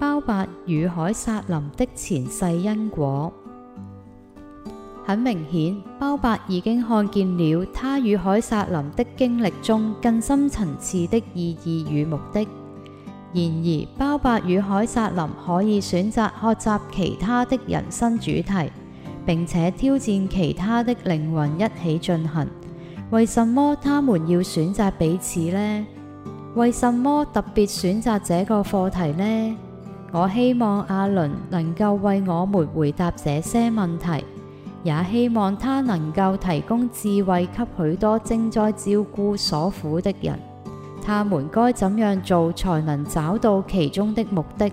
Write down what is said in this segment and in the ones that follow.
鮑伯與凱薩琳的前世因果，很明顯，鮑伯已經看見了他與凱薩琳的經歷中更深層次的意義與目的。然而，鮑伯與凱薩琳可以選擇學習其他的人生主題，並且挑戰其他的靈魂一起進行。為什麼他們要選擇彼此呢？為什麼特別選擇這個課題呢？我希望阿倫能夠為我們回答這些問題，也希望他能夠提供智慧給許多正在照顧所苦的人。他們該怎樣做才能找到其中的目的，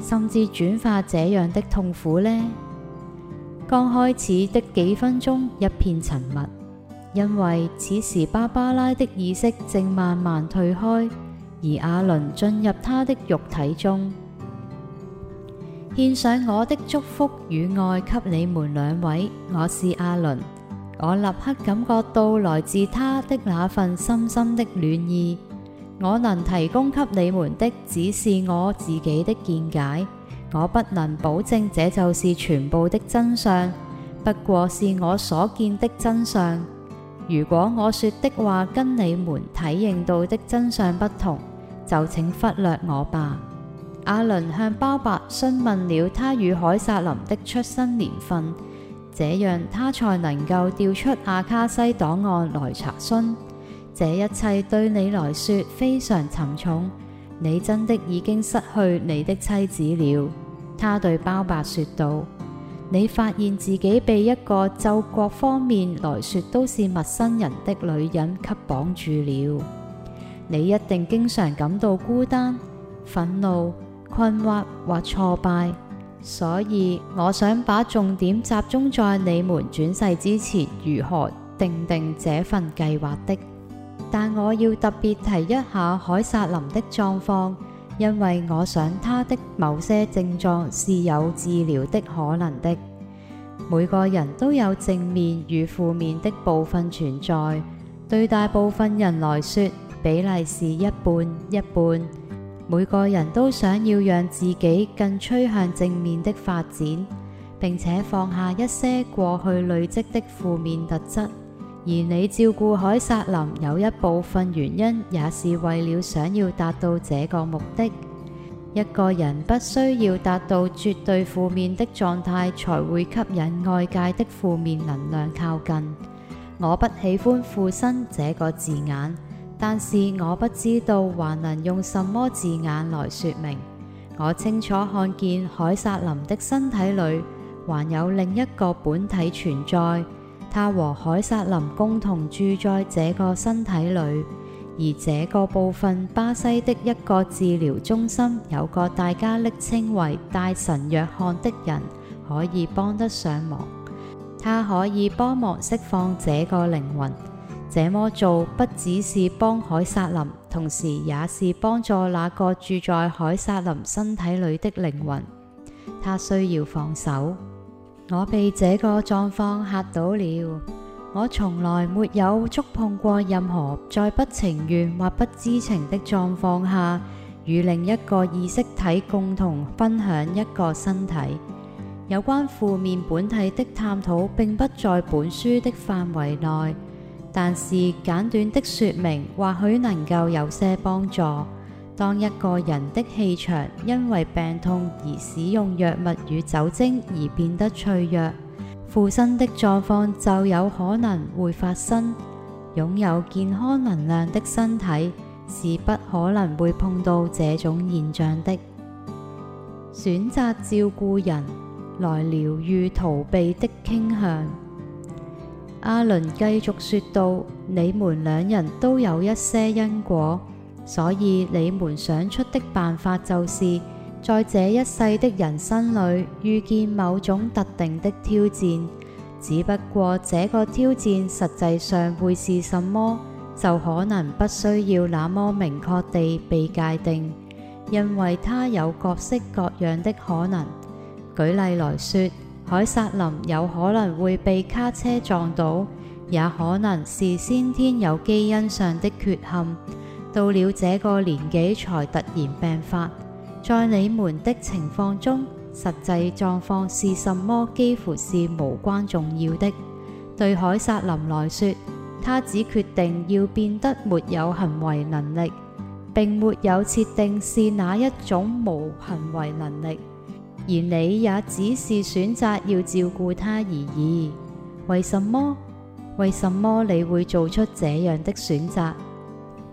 甚至轉化這樣的痛苦呢？剛開始的幾分鐘一片沉默，因為此時芭芭拉的意識正慢慢退開，而阿倫進入他的肉體中。獻上我的祝福與愛給你們兩位，我是阿倫。我立刻感覺到來自他的那份深深的暖意。我能提供給你們的只是我自己的見解，我不能保證這就是全部的真相，不過是我所見的真相。如果我說的話跟你們體認到的真相不同，就請忽略我吧。阿倫向鮑伯詢問了他與凱薩琳的出生年份，這樣他才能夠調出阿卡西檔案來查詢。這一切對你來說非常沉重，你真的已經失去你的妻子了，他對鮑伯說道。你發現自己被一個就各方面來說都是陌生人的女人給綁住了，你一定經常感到孤單、憤怒。困惑或挫敗，所以我想把重點集中在你們轉世之前如何訂定定這份計劃的。但我要特別提一下凱薩琳的狀況，因為我想他的某些症狀是有治療的可能的。每個人都有正面與負面的部分存在，對大部分人來說，比例是一半一半。每個人都想要讓自己更趨向正面的發展，並且放下一些過去累積的負面特質。而你照顧凱薩琳有一部分原因，也是為了想要達到這個目的。一個人不需要達到絕對負面的狀態，才會吸引外界的負面能量靠近。我不喜歡附身這個字眼。但是我不知道還能用什麼字眼來說明。我清楚看見凱薩琳的身體裏還有另一個本體存在，他和凱薩琳共同住在這個身體裏。而這個部分，巴西的一個治療中心有個大家昵稱為大神約翰的人可以幫得上忙，他可以幫忙釋放這個靈魂。這麼做不只是幫凱薩琳，同時也是幫助那個住在凱薩琳身體裏的靈魂。他需要放手。我被這個狀況嚇到了。我從來沒有觸碰過任何在不情願或不知情的狀況下與另一個意識體共同分享一個身體。有關負面本體的探討並不在本書的範圍內。但是簡短的說明或許能夠有些幫助。當一個人的氣場因為病痛而使用藥物與酒精而變得脆弱，附身的狀況就有可能會發生。擁有健康能量的身體是不可能會碰到這種現象的。選擇照顧人，來療癒逃避的傾向。阿倫繼續說道：你們兩人都有一些因果，所以你們想出的辦法就是在這一世的人生裏遇見某種特定的挑戰。只不過這個挑戰實際上會是什麼，就可能不需要那麼明確地被界定，因為它有各式各樣的可能。舉例來說。凱薩琳有可能會被卡車撞到，也可能是先天有基因上的缺陷，到了這個年紀才突然病發。在你們的情況中，實際狀況是什麼幾乎是無關重要的。對凱薩琳來說，他只決定要變得沒有行為能力，並沒有設定是哪一種無行為能力。而你也只是選擇要照顧他而已，為什麼？為什麼你會做出這樣的選擇？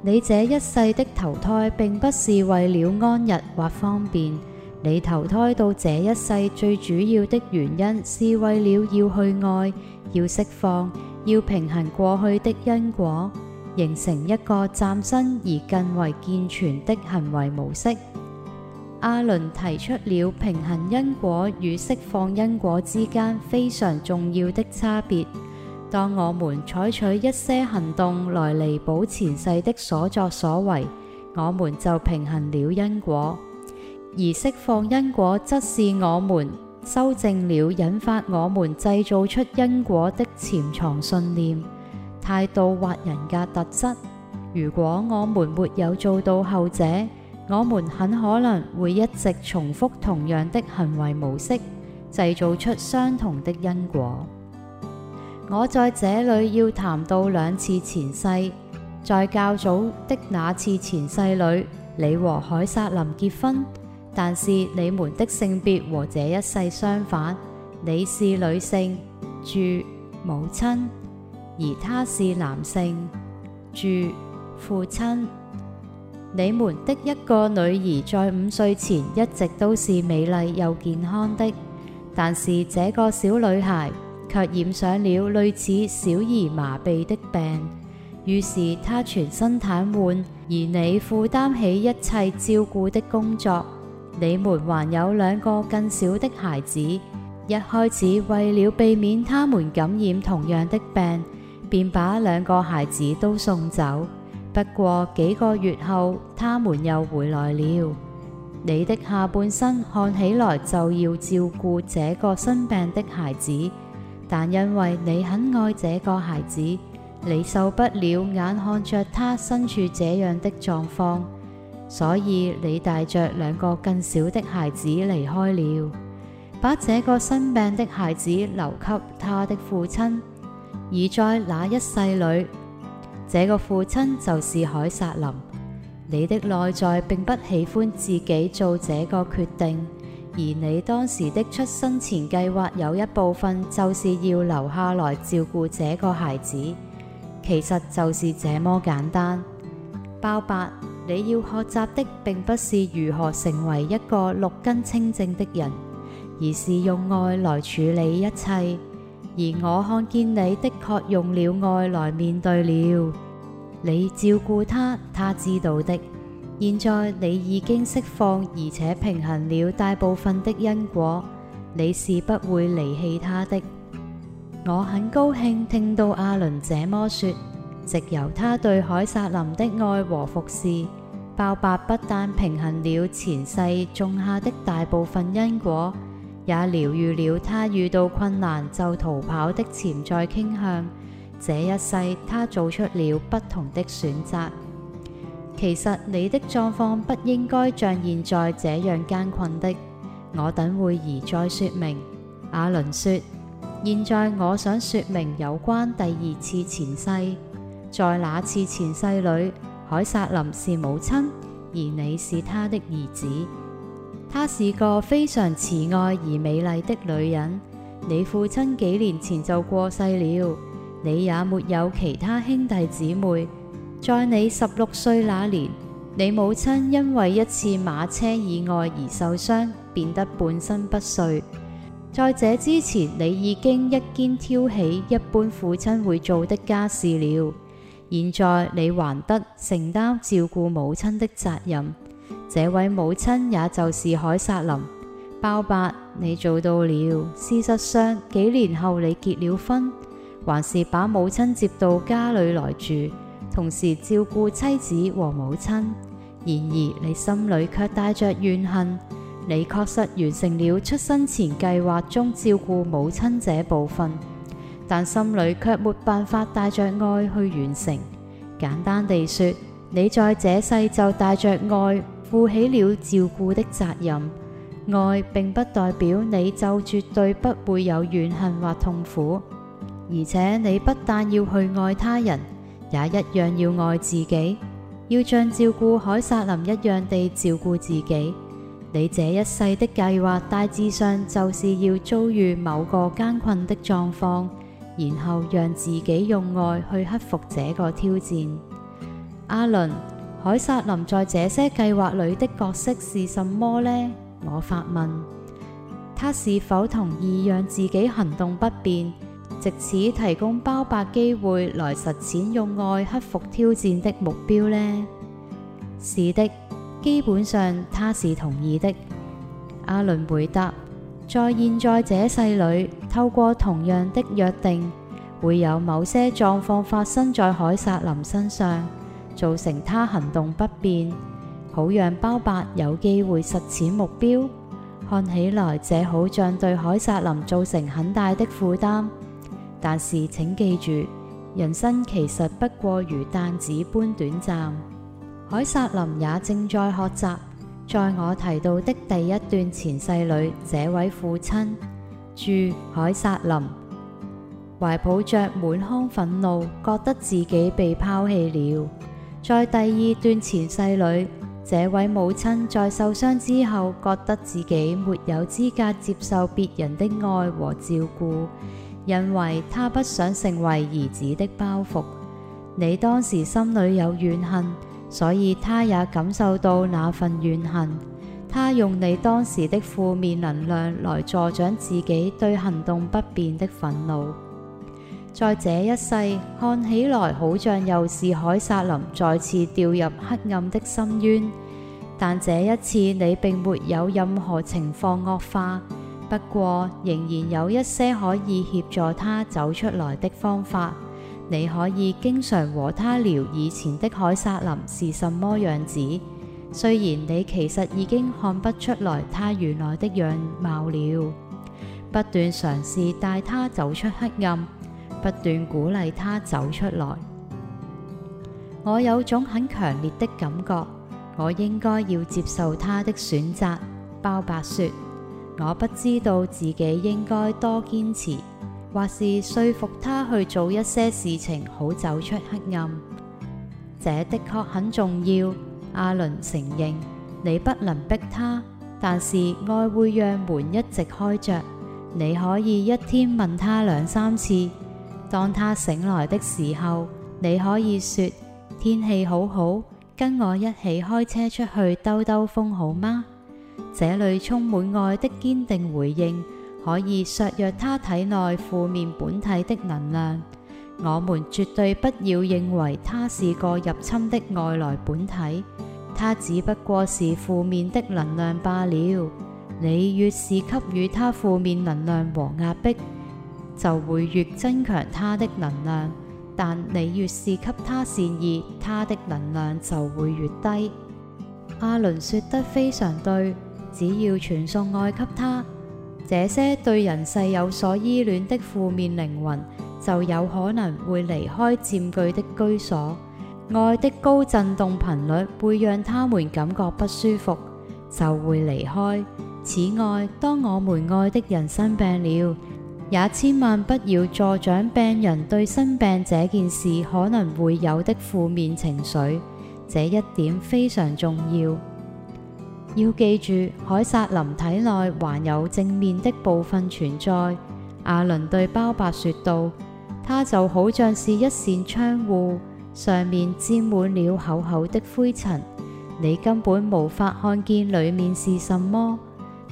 你這一世的投胎並不是為了安逸或方便，你投胎到這一世最主要的原因，是為了要去愛、要釋放、要平衡過去的因果，形成一個嶄新而更為健全的行為模式。阿倫提出了平衡因果與釋放因果之間非常重要的差別。當我們採取一些行動來彌補前世的所作所為，我們就平衡了因果；而釋放因果，則是我們修正了引發我們製造出因果的潛藏信念、態度或人格特質。如果我們沒有做到後者，我們很可能會一直重複同樣的行為模式，製造出相同的因果。我在這裏要談到兩次前世，在較早的那次前世裏，你和凱撒琳結婚，但是你們的性別和這一世相反，你是女性，住母親，而他是男性，住父親。你們的一個女兒在五歲前一直都是美麗又健康的，但是這個小女孩卻染上了類似小兒麻痹的病，於是她全身癱瘓，而你負擔起一切照顧的工作。你們還有兩個更小的孩子，一開始為了避免他們感染同樣的病，便把兩個孩子都送走。不過幾個月後，他們又回來了。你的下半生看起來就要照顧這個生病的孩子，但因為你很愛這個孩子，你受不了眼看着他身處這樣的狀況，所以你帶着兩個更小的孩子離開了，把這個生病的孩子留給他的父親。而在那一世裏，這個父親就是凱薩琳。你的內在並不喜歡自己做這個決定，而你當時的出生前計劃有一部分就是要留下來照顧這個孩子，其實就是這麼簡單。鮑伯，你要學習的並不是如何成為一個六根清淨的人，而是用愛來處理一切。而我看見你的確用了愛來面對了，你照顧他，他知道的。現在你已經釋放，而且平衡了大部分的因果，你是不會離棄他的。我很高興聽到阿倫這麼說，藉由他對凱薩琳的愛和服侍，鮑伯不但平衡了前世種下的大部分因果。也療癒了他遇到困難就逃跑的潛在傾向。這一世他做出了不同的選擇。其實你的狀況不應該像現在這樣艱困的，我等會兒再說明。阿倫說，現在我想說明有關第二次前世，在那次前世裏，凱薩琳是母親，而你是他的兒子。她是個非常慈愛而美麗的女人。你父親幾年前就過世了，你也沒有其他兄弟姊妹。在你十六歲那年，你母親因為一次馬車意外而受傷，變得半身不遂。在這之前，你已經一肩挑起一般父親會做的家事了。現在你還得承擔照顧母親的責任。這位母親也就是凱薩琳。鮑伯，你做到了。事實上，幾年後你結了婚，還是把母親接到家裏來住，同時照顧妻子和母親。然而，你心裏卻帶着怨恨。你確實完成了出生前計劃中照顧母親這部分，但心裏卻沒辦法帶着愛去完成。簡單地說，你在這世就帶着愛，負起了照顧的責任，愛並不代表你就絕對不會有怨恨或痛苦，而且你不但要去愛他人，也一樣要愛自己，要像照顧凱薩琳一樣地照顧自己。你這一世的計劃大致上就是要遭遇某個艱困的狀況，然後讓自己用愛去克服這個挑戰。阿倫。凱薩琳在這些計劃裏的角色是什麼呢？我發問。他是否同意讓自己行動不便，借此提供鮑伯機會來實踐用愛克服挑戰的目標呢？是的，基本上他是同意的。阿倫回答：在現在這世裏，透過同樣的約定，會有某些狀況發生在凱薩琳身上。造成他行動不便，好讓鮑伯有機會實踐目標。看起來，這好像對凱薩琳造成很大的負擔，但是請記住，人生其實不過如彈指般短暫。凱薩琳也正在學習。在我提到的第一段前世裏，這位父親住凱薩琳，懷抱着滿腔憤怒，覺得自己被拋棄了。在第二段前世裏，這位母親在受傷之後，覺得自己沒有資格接受別人的愛和照顧，因為她不想成為兒子的包袱。你當時心裏有怨恨，所以她也感受到那份怨恨。她用你當時的負面能量來助長自己對行動不便的憤怒。在這一世，看起來好像又是凱薩琳再次掉入黑暗的深淵，但這一次你並沒有任何情況惡化。不過，仍然有一些可以協助他走出來的方法。你可以經常和他聊以前的凱薩琳是什麼樣子，雖然你其實已經看不出來他原來的樣貌了。不斷嘗試帶他走出黑暗。不斷鼓勵他走出來。我有種很強烈的感覺，我應該要接受他的選擇。鮑伯說：我不知道自己應該多堅持，或是說服他去做一些事情，好走出黑暗。這的確很重要。阿倫承認你不能逼他，但是愛會讓門一直開着。你可以一天問他兩三次。當他醒來的時候，你可以說天氣好好，跟我一起開車出去兜兜風好嗎？這裏充滿愛的堅定回應，可以削弱他體內負面本體的能量。我們絕對不要認為他是個入侵的外來本體，他只不過是負面的能量罷了。你越是給予他負面能量和壓迫。就會越增強他的能量，但你越是給他善意，他的能量就會越低。阿倫說得非常對，只要傳送愛給他，這些對人世有所依戀的負面靈魂就有可能會離開佔據的居所。愛的高震動頻率會讓他們感覺不舒服，就會離開。此外，當我們愛的人生病了。也千萬不要助長病人對生病這件事可能會有的負面情緒，這一點非常重要。要記住，凱薩琳體內還有正面的部分存在。阿倫對鮑伯說道：它就好像是一扇窗戶，上面沾滿了厚厚的灰塵，你根本無法看見裏面是什麼。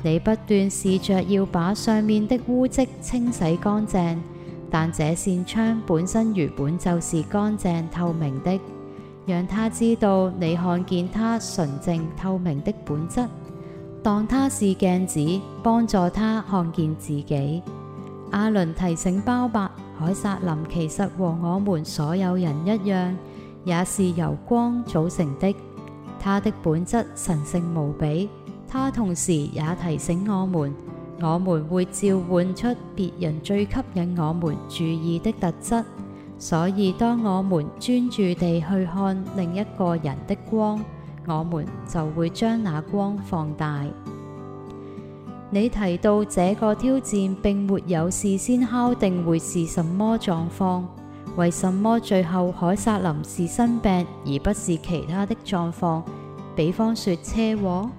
你不斷試着要把上面的污漬清洗乾淨，但這扇窗本身原本就是乾淨透明的，讓他知道你看見他純淨透明的本質，當他是鏡子，幫助他看見自己。阿倫提醒鮑伯，凱薩琳其實和我們所有人一樣，也是由光組成的，他的本質神聖無比。他同時也提醒我們，我們會召喚出別人最吸引我們注意的特質，所以當我們專注地去看另一個人的光，我們就會將那光放大。你提到這個挑戰並沒有事先敲定會是什麼狀況，為什麼最後凱薩琳是生病而不是其他的狀況，比方說車禍？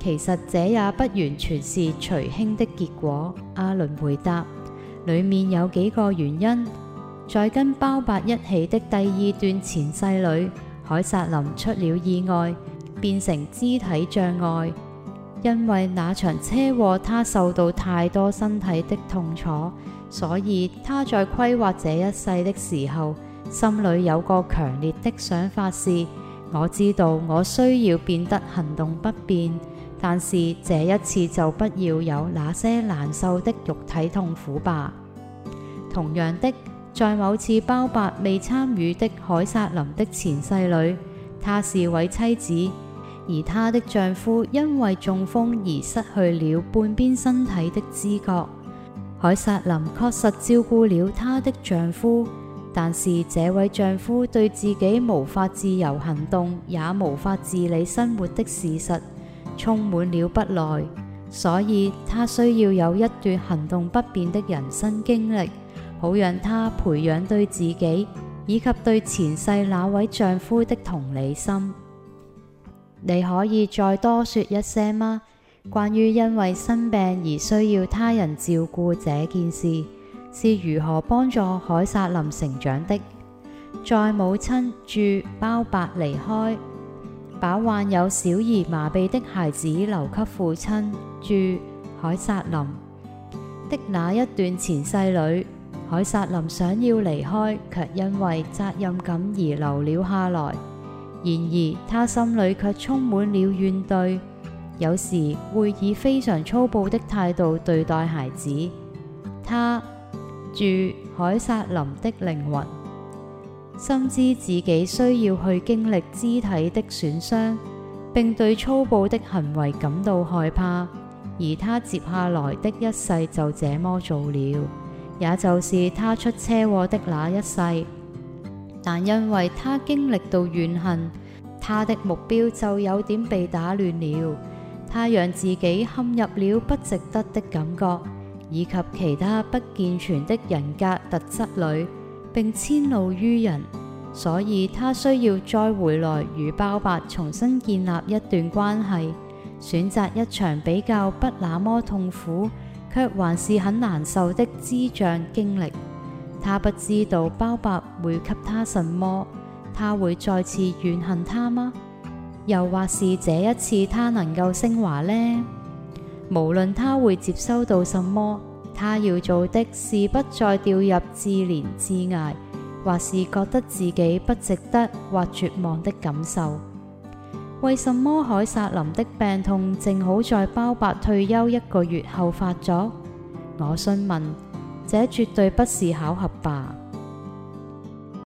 其實這也不完全是隨興的結果。阿倫回答，裡面有幾個原因。在跟鮑伯一起的第二段前世裡，凱薩琳出了意外，變成肢體障礙。因為那場車禍，他受到太多身體的痛楚，所以他在規劃這一世的時候，心裡有個強烈的想法是：我知道我需要變得行動不便。但是這一次就不要有那些難受的肉體痛苦吧。同樣的，在某次鮑伯未參與的凱薩琳的前世裡，她是位妻子，而她的丈夫因為中風而失去了半邊身體的知覺。凱薩琳確實照顧了他的丈夫，但是這位丈夫對自己無法自由行動，也無法自理生活的事實，充滿了不耐，所以她需要有一段行動不便的人生經歷，好讓她培養對自己以及對前世那位丈夫的同理心。你可以再多說一些嗎？關於因為生病而需要他人照顧這件事是如何幫助凱薩琳成長的？在母親住鮑伯離開。把患有小兒麻痹的孩子留給父親。住凱薩琳的那一段前世裏，凱薩琳想要離開，却因為責任感而留了下來。然而，他心裏却充滿了怨懟，有時會以非常粗暴的態度對待孩子。他住凱薩琳的靈魂。深知自己需要去經歷肢體的損傷，並對粗暴的行為感到害怕，而他接下來的一世就這麼做了，也就是他出車禍的那一世。但因為他經歷到怨恨，他的目標就有點被打亂了。他讓自己陷入了不值得的感覺，以及其他不健全的人格特質裏。並遷怒於人，所以他需要再回來與鮑伯重新建立一段關係，選擇一場比較不那麼痛苦，卻還是很難受的智障經歷。他不知道鮑伯會給他什麼，他會再次怨恨他嗎？又或是這一次他能夠升華呢？無論他會接收到什麼。他要做的是不再掉入自憐自艾，或是覺得自己不值得或絕望的感受。為什麼凱薩琳的病痛正好在鮑伯退休一個月後發作？我詢問，這絕對不是巧合吧？